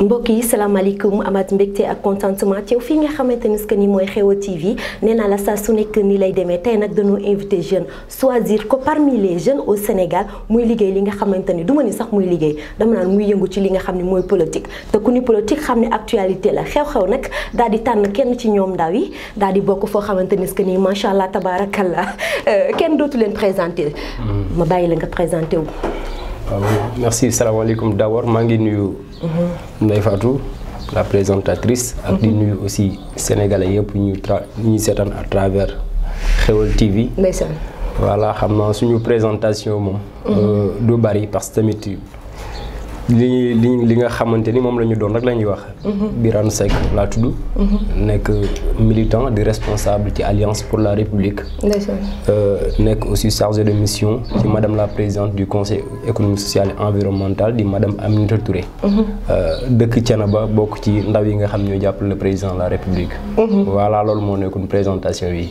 mbokk yi salaamaaleykum amaat mbégte ak contentement ci fii nga xamante ni que ni mooy Xewa TV nee naa la saa su nekk ni lay demee tey nag dañoo invité jeune choisir ko parmi les jeunes au Sénégal muy liggéey li nga xamante ni du ma ni sax muy liggéey dama muy yëngu ci li nga xam ne mooy politique te ku ni politique xam ne actualité la xew-xew nag daal di tànn kenn ci ñoom ndaw yi daal di bokk foo xamante ni que ni macha allah tabaarakallah euh, kenn dootu leen présenté. Hmm. ma bàyyi la nga présenté wu. Ah salaamaaleykum d' maa ngi nuyu. Ndeye Fatou la présentatrice. ak di mhm. nuyu aussi sénégalais pour nous tra nous à travers Xewal TV. voilà xam naa suñu présentation mon mhm. euh, du bari parce que tamit li li nga xamante ni moom la doon la wax. Mhm. Birane mhm. militant et responsable de alliance pour la république. Euh, Nek aussi chargé de mission. de madame la présidente du conseil économique social et environnemental de madame Aminata Touré. Mhm. Euh, dëkk Thiénaba bokk ci ndaw yi nga xam le président de la république. voilà loolu moo nekkoon présentation yi.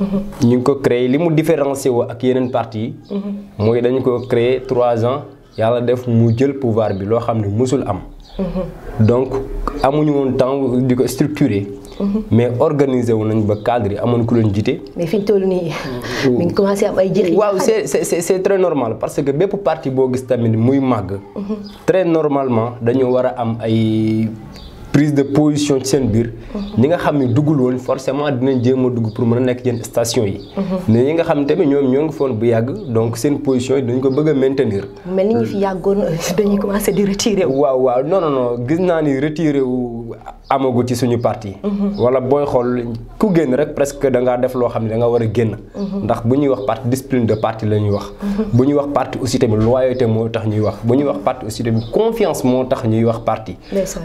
ñu ngi ko créé li mu différencié woo ak yeneen parti yi. mooy dañu ko créé trois ans yàlla def mu jël pouvoir bi loo xam ne musul am. donc amuñu woon temps di ko structuré. mais organiser wu nañ ba cadre yi amoon ku leen mais fi ñu toll nii. mi ngi commencé am ay jëriñ. waaw c' est c' très normal parce que bépp parti boo gis tamit muy màgg. Mhm. très normalement dañu war am ay. prise de position ci sen bir ñi nga xamni ne duggul woon forcément dinañ jéem a dugg pour mën a nekk station yi mhm. mais yi nga xam tamit ñom ñong fon bu yàgg donc sen position yi dañ ko bëgg a maintenir mel ni ñu fi yagoon dañuy commencer di retirer wu waaw waaw non non non gis na ni retirer wu amago ci suñu parti mhm. wala boy xol ku genn rek presque da nga def lo xamni da nga wara a mhm. ndax bu ñuy wax parti discipline de parti lañuy wax bu ñuy wax parti aussi tamit loyauté mo tax ñuy wax bu ñuy wax parti aussi tamit confiance mo tax ñuy wax parti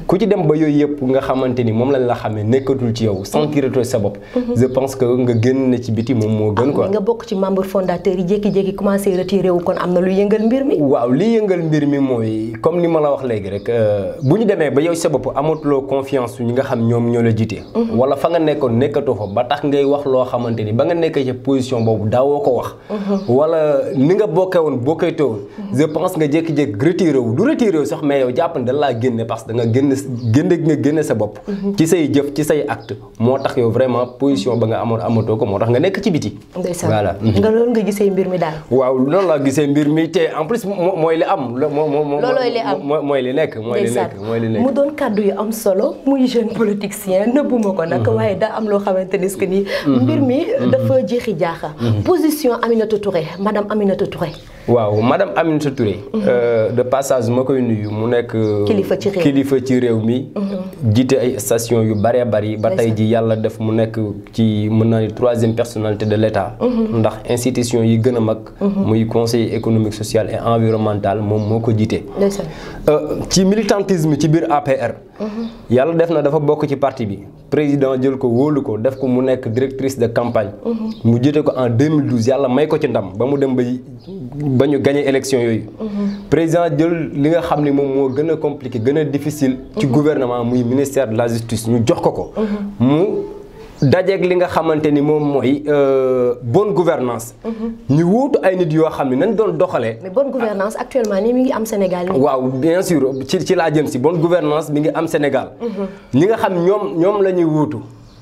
ku ci dem ba yoy yëpp nga xamante ni moom lañ la xamee nekkatul ci yow sentiratoo sa bopp mhm. je pense que nga génn na ci biti moom moo gën ah, quoi nga bokk ci membre fondateur yi jékki-jékki commencé retiré wu kon am na lu yëngal mbir mi waaw li yëngal mbir mi mooy comme ni ma la wax léegi rek euh, bu ñu demee ba yow sa amatuloo confiance ñi nga xam ñoom ñoo la jiite mhm. wala fa nga nekkoon nekkatoo fa ba tax ngay wax loo xamante ba nga nekkee ci position boobu daawoo ko wax mhm. nga génne sa bopp mhm. ci say jëf ci say acte moo tax yow vraiment position ba nga amoon amatoo ko moo tax nga nekk ci biti voilà mhm. nga loolu nga gisee mbir mi daal te en plus mooy li am loolooy li am mooy li nekk mooy li nekk mooy li nekk mu doon kàddu yu am solo muy jeune politicien nëbbuma ko nag mhm. waaye daa am loo xamante ni mbir mi dafa jeexi jaaxa position Aminata Touré madame Aminata Touré waaw madame Amine Touré. Euh, de passage ma koy nuyu mu nekk. kilifa ci réew kilifa ci réew mi. Mhm. jiite ay station yu bëree bëri. ba tey ji yàlla def mu nek ci mën ni troisième personnalité de l'État. état. Mhm. ndax institution yi gëna a mag. Mhm. muy conseil économique social et environnemental moom moo ko euh, ci militantisme ci bir APR. yàlla def na dafa bokk ci parti bi président jël ko wóolu ko def ko mu nekk directrice de campagne. mu jotee ko en 2012 yàlla may ko ci ndam ba mu dem ba ba ñu gagné élection yooyu. président jël li nga xam ni moom moo gën a compliqué gën a difficile. ci gouvernement muy ministère de la justice ñu jox ko ko. mu dajeeg li nga xamanteni mom moy euh bonne gouvernance mhm. ñu wuutu ay nit yo xamni nañ doon doxale mais bonne gouvernance actuellement ni mi ngi am Sénégal. waaw bien sûr ci ci laa jëm ci bonne gouvernance mi ngi am Sénégal. Mhm. ñi nga xam ñom ñom lañuy wootu wuutu.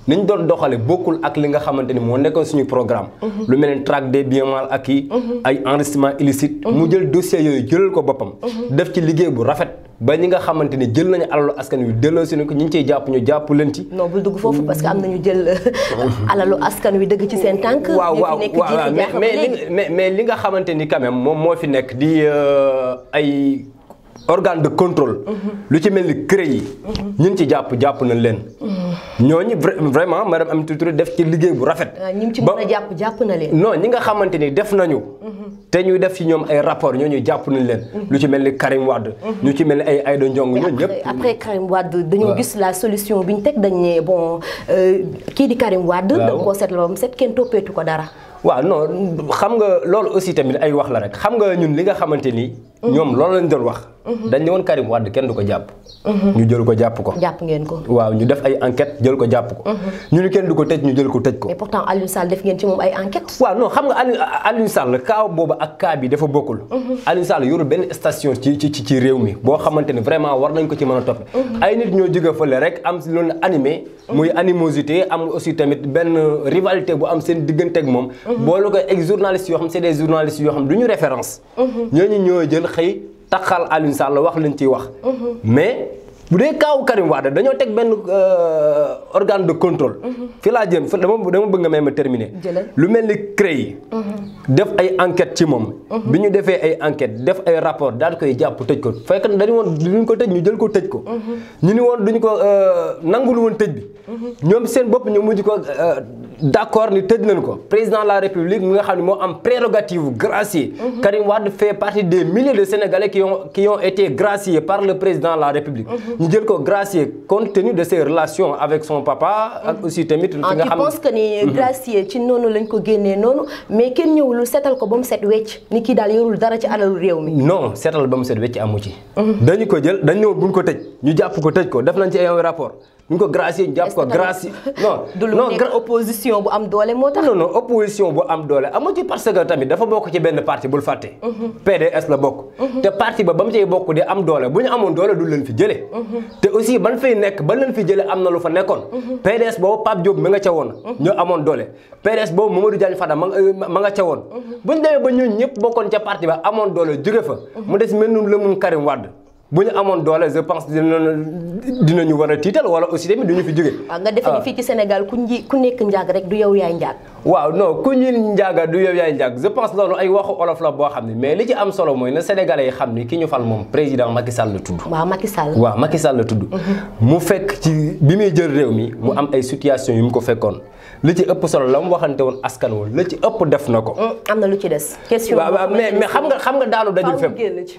ni ñu doon doxale bokul ak li nga xamanteni mo nekkon suñu programme. Mhm. lu mel track des biens mal acquis. ay enrichissement illicite. mu jël dossier yoyu jël ko bopam def ci liggéey bu rafet. ba ñi nga xamante ni jël nañu alalu askan wi si nañu ko ñu ngi ciy jàpp ñu jàpp leen ci. no bul dugg foofu parce que am nañu jël alalu askan wi dëgg ci seen tànk. waaw waaw waaw mais mais li nga xamante ni quand moom moo fi nekk di euh, ay organe de contrôle. Mm-hmm. lu ci mel ni CREI yi. Mm-hmm. ñu ngi ci jàpp jàpp na leen. Mm-hmm. ñoo ñooñu vraiment madame Aminata Touré def ci liggéey bu rafet. Euh, ñi ci mën a jàpp jàpp na leen. non ñi nga xamante ni def nañu. Mm-hmm. te ñuy def ci ñoom ay rapport ñoo ñu jàpp nañ leen. Mm-hmm. lu ci mel ni Karim wadd ñu mm-hmm. ci mel ni ay Aïda Ndiongue ñooñu ñëpp. après Karim wadd dañoo gis la solution bi ñu teg dañ ne euh, kii di Karim Wade. waaw da nga koo seetlu ba mu set kenn toppeetu ko dara. waaw non xam nga loolu aussi tamit ay wax la rek xam nga ñun li nga xamante ni. ñoom loolu lañ doon wax. Mhm. dañ ne woon Karim Wade kenn duko japp jàpp. Mhm. ñu jël ko japp ko. japp ngeen ko. waaw ñu def ay enquête jël ko japp ko. Mhm. ñu ni kenn duko tej ñu jël ko tej ko. mais pourtant Aliou Sall def ngeen ci mom ay enquête. waaw non xam nga Aliou Sall kaaw bobu ak ka bi dafa bokkul. Aliou Sall yoru ben station ci ci ci rew mi bo xamanteni vraiment war nañ ko ci mëna a ay nit ñoo jóge fële rek am ci loolu animé. muy animosité am aussi tamit ben rivalité bu am seen diggante ak mom bo lu ko ex journaliste yo xam c'est des journalistes yo xam duñu référence référence. ñooñu ñoo jël xey Mhm. mais vous un Karim Wade euh, de contrôle. Mhm. fi jëm terminer. une mhm. enquête ci mhm. une enquête un rapport koy Vous ko fekk dañu ko ñu jël ko rapport. ko. ñu ni président de la république mi nga prérogative gracier. Karim Wade fait partie des milliers de sénégalais qui ont qui ont été graciés par le président de la république ñu jël ko gracier compte tenu de ses relations avec son papa. ak aussi tamit fi nga ah, xam pense que ni mhm. gracier ci noonu lañ ko génnee noonu mais kenn ñëwul setal ko bam sét wécc ni ki dal yorul dara ci alalu réew mi. non sétal bam sét wécc wecc amu ci. Mhm. ko jël dañ ñëw buñ ko tej ñu japp ko tej ko def nañ ci ay rapport ñu ko gracier ñu jàpp ko gracier non non opposition bu am doole moo tax non non opposition bu am doole amu ci que tamit dafa bokk ci benn parti bul fàtte mhm. PDS la bokk mhm. te parti ba ba mu cay bokk di am doole bu ñu amoon doole du leen fi jëlee mhm. te fay nekk ba leen fi jëlee am na lu fa nekkoon PDS boobu Pape Diop mi nga ca woon ñu amoon doole PDS boobu Mamadou Diagne Fada ma nga euh, ca woon bu ñu demee ba ñu ñëpp bokkoon ca parti ba amoon doole jóge fa mu des mel ni lëmum Karim Wade bu ñu amoon doole je pense dinañu war a tiital wala aussi tamit du ñu fi jóge. waaw nga defe ni ah. fii ci Sénégal ku nji ku nekk njaag rek du yow yaay njaag. waaw non ku ñin njaaga du yow yaay njaag je pense loolu ay waxu olof la boo xam ne mais li ci am solo mooy na sénégalais yi xam ni ki ñu fal moom président Macky Sall la tudd. waaw mhm. mu fekk ci bi muy jël réew mi mu am ay situation yu mu ko fekkoon li ci ëpp solo la mu waxante woon askan woon la ci ëpp def na ko. Mm, am na lu ci des. question waaw xam nga xam nga daanu dajul fépp.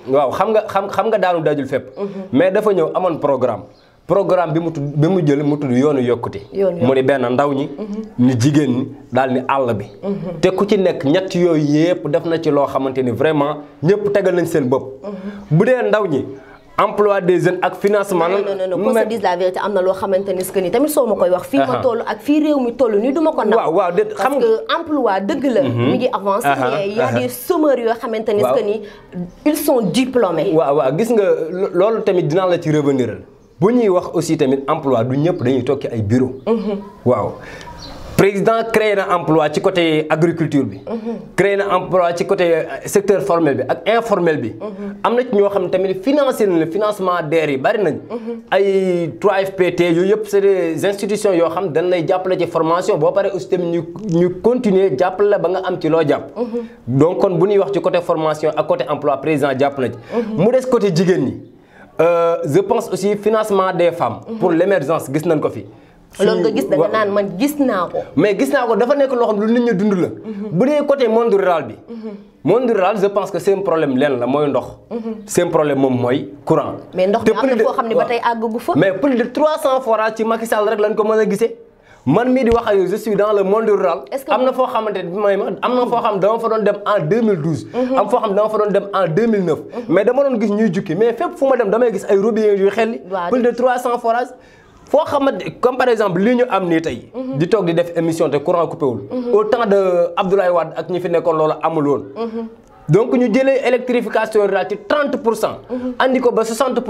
waaw xam nga xam xam nga daanu dajul fépp. Mhm. mais dafa ñëw amoon programme. programme bi mu bi mu jël mu tud yoonu yokuti mu ni benn ndaw ñi mhm. ni ni bi mhm. te ku ci très ñett yoy yépp def ci lo xamanteni vraiment ñepp tégal nañ seen mhm. bu emploi des jeunes ak financement. non non non qu'on la vérité amna lo xamanteni très que tamit wax. fi ma tollu ak fi rew mi tollu ni duma ko emploi deug la. mi ngi avancé y a des sommeurs yo ils sont diplômés. waaw waaw gis nga tamit dina la ci revenir bu ñuy wax aussi tamit emploi du ñëpp dañuy toog ci ay bureau mhm. waaw président créé na emploi ci côté agriculture bi. Mhm. créé na emploi ci côté euh, secteur formel bi ak informel bi. Mhm. am na ci ñoo xam ne tamit financé nañ le financement DER yi bari nañ. ay 3FPT yooyu yëpp c'est des institutions yoo xam dañ lay jàppale ci formation boo paree aussi tamit ñu ñu continuer jàppale la ba nga am ci loo jàpp. donc kon bu ñuy wax ci côté formation ak côté emploi président jàpp na ci. mu des côté jigéen ñi. Euh, je pense aussi financement des femmes. Mhm. pour l'émergence, mais côté monde rural le mhm. monde rural je pense que c'est un problème C'est la mhm. problème courant. mais ndox mais plus de 300 forages ci m'as man mi di wax ak je suis dans le monde rural. amna fo xamantene xamante ne may ma am xam dama fa doon dem en 2012. Mhm. am fo xam dama fa doon dem en 2009. Mhm. mais dama don gis ñuy jukki mais fepp fuma dem dama gis ay robinet yu xelli. plus de 300 forages. fo xamante comme par exemple lii ñu am ni tay mhm. di tok di def émission te courant coupé wul. au temps de Abdoulaye wad ak ñi fi nekkoon lolu amul woon donc ñu jëlee électrification relative ci 30 En cent. Mhm. ba 60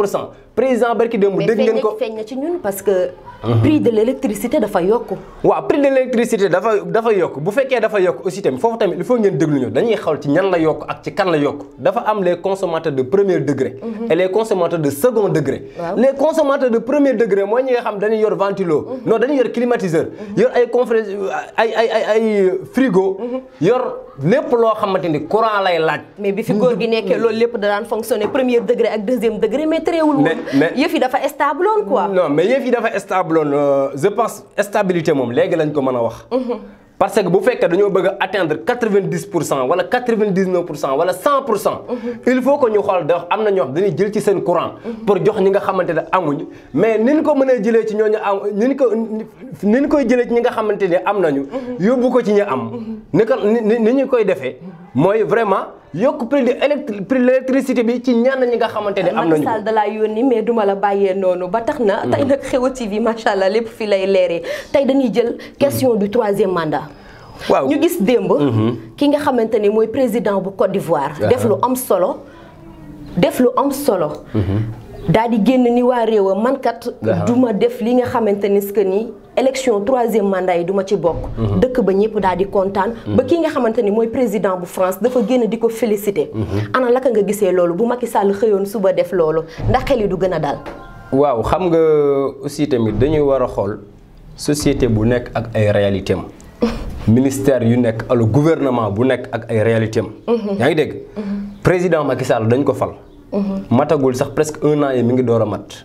président barki dembu dégg ngeen ko mais feeñ na ci parce que. Mhm. prix de l'électricité dafa yokk. wa prix de l'électricité dafa dafa yokk bu féké dafa yokk aussi tam fofu tam il faut ngeen déglu ñu dañuy xawal ci ñan la yokk ak ci kan la yokk dafa am les consommateurs de premier degré. Mhm. et les consommateurs de second degré. les consommateurs de premier degré mooy ñi nga xam dañuy yor ventilo. non dañuy yor climatiseur. yor ay confré ay ay ay frigo. yor lepp lo xamanteni courant lay laaj. mais bi fi góor gi nekkee mm-hmm. loolu lépp da daan fonctionner premier degré ak deuxième degré mais terewul. mais mais yëf yi dafa quoi. non mais yëf yi dafa stabloon euh, je pense stabilité mom léegi lañ ko mëna a wax. Mm-hmm. Parce que si vous voulez atteindre 90%, 99%, ou 100%, il faut que nous devions prendre le courant mhm. pour dire que vous avez des Mais si vous voulez que nous devons prendre le courant, vous devons prendre le courant. Vous devions prendre le courant. nous devions prendre le courant. Vraiment, yokk prix de prix l'électricité bi ci ñenn ñi nga xamante ne am nañu Macky Sall da laa yónni mais duma la bàyyee noonu ba tax na hmm. tey nag Xewa TV macha allah lépp fii lay leeree tey dañuy jël question hmm. du troisième mandat waaw ñu gis démb hmm. ki nga xamante ni mooy président bu Côte d'Ivoire ah. def lu am solo def lu am solo daal di génn ni waa réewa man kat ah. duma def li nga xamante ni que nii élection troisième mandat yi du ma ci bokk. Mhm. dëkk ba ñëpp daal di kontaan. Mhm. ba ki nga xamante ni mooy président bu France dafa génn di ko félicité. Mhm. ana laka nga gisee loolu bu Macky Sall xëyoon suba def loolu ndax xel yi du gën a dal. waaw xam nga aussi tamit dañuy war a xool société bu nekk ak ay réalité am ministère yu nekk ala gouvernement bu nekk ak ay réalité am yaa ngi dégg président Macky Sall dañ ko fal matagul sax presque un an yi mi ngi door a mat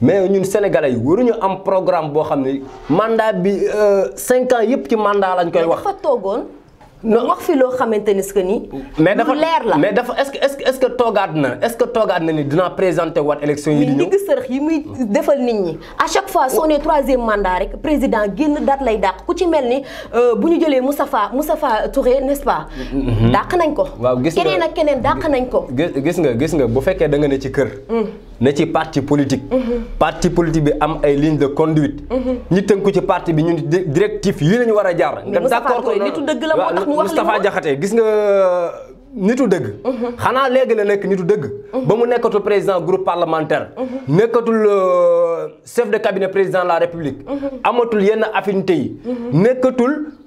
mais ñun sénégal yi waruñu am programme boo xam ne mandat bi euh, cinq ans yëpp ci mandat lañ koy wax. dafa toogoon. wax fi loo xamante ni que ni. mais dafa leer la mais dafa est-ce que est que toogaat na est-ce que toogaat na ni dinaa présenter waat élection yi. di ñëw mais sërëx yi muy defal nit ñi à chaque fois soo nee troisième mandat rek président génn daat lay dàq ku ci mel ni euh, bu ñu jëlee Moustapha Moustapha Touré n'est-ce pas. Mm-hmm. dàq nañ ko. waaw gis nga keneen ak keneen dàq nañ ko. gis nga gis nga bu fekkee da nga ne ci kër. Mm. C'est ci parti politique. Mhm. parti politique bi am ligne de conduite. Mhm. ñi ci parti bi directif la d'accord ko nitu la président groupe parlementaire. Mhm. Euh, chef de cabinet président de la république. amatul yenn affinité la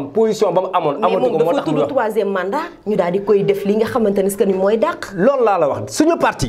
am position ba mu amoon. amatu ko moo tax mu mandat. ñu daal di koy def li nga xamante ne que mooy dàq. loolu laa la wax suñu parti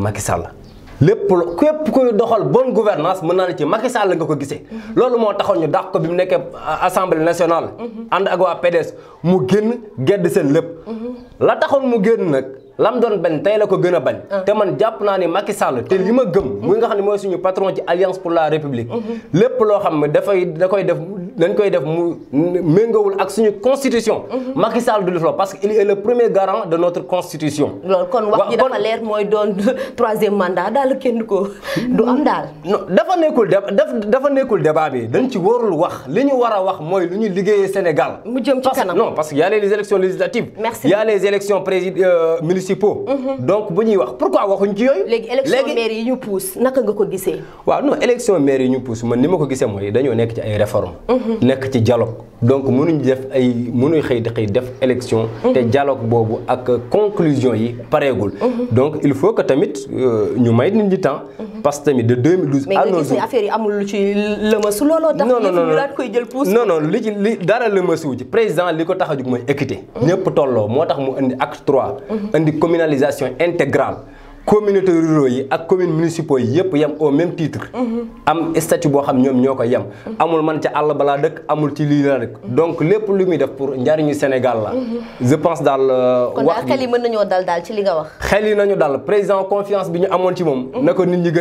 Macky la lépp képp kuy doxal bonne gouvernance mën naa ne ci Macky Sall nga ko gisee. Mhm. loolu moo taxoon ñu dàq ko bi mu nekkee euh, assemblée nationale. Mhm. ànd ak waa PDS mu génn gedd seen lépp. Mhm. la taxoon mu génn nag lam doon bañ tey la ko gën a bañ. Ah. te man jàpp naa ne Macky Sall te li ma gëm. muy nga xam ne mooy suñu patron ci alliance pour la république. lépp loo xam ne dafay da koy def. Nous koy def constitution. Mhm. Macky Sall parce qu'il est le premier garant de notre constitution. Donc, kon a troisième mandat dans le ko du am non débat Sénégal. non parce qu'il y a les élections législatives. merci y a les élections municipales. Euh, municipaux. Mhm. donc pourquoi nous ci élection maire yi ñu pousse naka nga ko waaw non Les élections nek ci dialogue donc mënuñ def ay mënuñ xey xëy def élection mhm. té dialogue bobu ak conclusion yi parégul mhm. donc il faut que tamit euh, ñu may nit ñi temps mhm. parce tamit de 2012 à nos jours affaire yi amul lu ci lëmasu looloo tax non non non ñu daal koy jël pousse non non li ci li dara lëmasuwu ci président liko taxaju moy a jug mooy équité ñëpp tolloo moo mu andi acte 3 andi communalisation intégrale communauté ruraux et ak municipaux au même titre mhm. am statut xam mhm. amul man amul ci mhm. donc lepp pour Sénégal je pense le. Euh, wax dal ci li nga wax nañu dal président confiance bi ñu avons ci mom nako nit ñi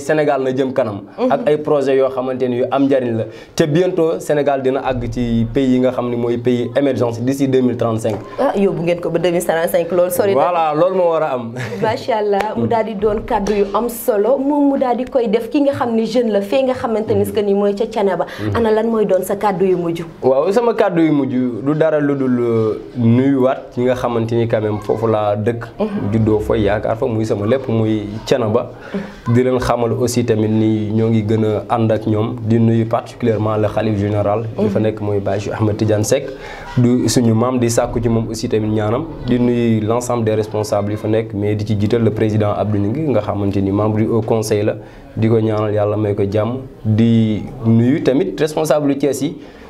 Sénégal na jëm kanam ak ay projet bientôt Sénégal dina pays yi pays émergence d'ici 2035 ah ngeen loolu moo war a am. macha allah mu daal di doon kàddu yu am solo moom mu daal di koy def ki nga xam ni jeune la fee nga xamante ni que ni mooy ca Canaba. Mm-hmm. ana lan mooy doon sa kàddu yu mujj. waaw sama kàddu yu mujj du dara lu dul euh, nuyu wat ñi nga xamante ni quand foofu laa dëkk. Mm-hmm. juddoo fa yaakaar fa muy sama lépp muy ba mm-hmm. di leen xamal aussi tamit nii ñoo ngi gën a ànd ak ñoom di nuyu particulièrement la xalif général. di fa nekk mooy Baye Ahmed Tidiane Seck. du suñu maam di sàkku ci moom aussi tamit ñaanam di nuyu l' des responsables yi fa mais di ci jiital le président Abdou Ngui nga xamanteni membre du conseil la di ko ñaanal yalla may ko jamm di nuyu tamit responsable ci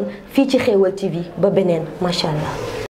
woon fii ci Xéewal TV ba beneen macha allah.